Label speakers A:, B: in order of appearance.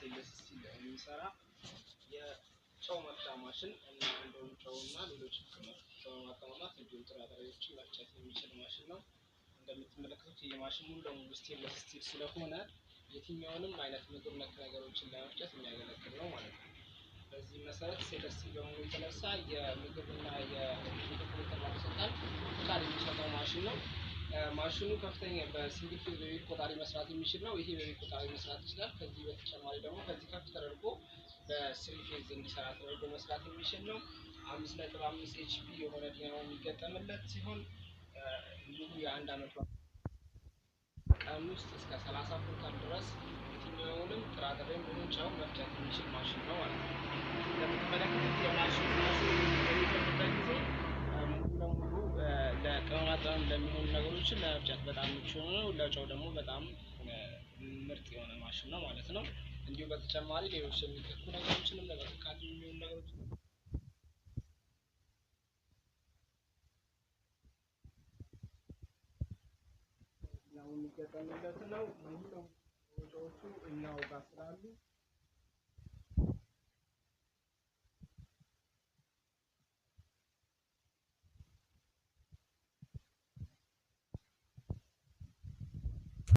A: ስቴንለስ ስቲል የሚሰራ የጨው መፍጫ ማሽን እና እንደውም ጨው እና ሌሎች ጨው ማቀማማት እንዲሁም ጥራጥሬዎችን መፍጨት የሚችል ማሽን ነው። እንደምትመለከቱት ይህ ሙሉ ለሙሉ ስቴንለስ ስቲል ስለሆነ የትኛውንም አይነት ምግብ ነክ ነገሮችን ለመፍጨት የሚያገለግል ነው ማለት ነው። በዚህ መሰረት ስቴንለስ ስቲል በመሆኑ የተነሳ የምግብና የምግብ ቁጥጥር ማሰጣል የሚሰጠው ማሽን ነው። ማሽኑ ከፍተኛ በሲንግል ፌዝ በቤት ቆጣሪ መስራት የሚችል ነው። ይሄ በቤት ቆጣሪ መስራት ይችላል። በተጨማሪ ደግሞ ከዚህ ከፍ ተደርጎ በስሪ ፌዝ እንዲሰራ ተደርጎ መስራት የሚችል ነው። አምስት ነጥብ አምስት ኤችፒ የሆነ ዲናሞ የሚገጠምለት ሲሆን እንዲሁ የአንድ አመት ቀን ውስጥ እስከ ሰላሳ ኩንታል ድረስ የትኛውንም ጥራጥሬም ሆነ ጨው መፍጨት የሚችል ማሽን ነው ማለት ነው። እንደምትመለከቱት የማሽን በሚፈጭበት ጊዜ ሙሉ ለሙሉ ለቅመማ ቅመም ለሚሆኑ ነገሮችን ለመፍጨት በጣም ምቹ ነው። ለጨው ደግሞ በጣም ምርጥ የሆነ ማሽን ነው ማለት ነው። እንዲሁ በተጨማሪ ሌሎች የሚተኩ ነገሮችንም ለመጠቃት የሚሆኑ ነገሮች የሚገጠምለት ነው። ሙሉ ነው ወጪዎቹ እኛው ጋር ስላሉ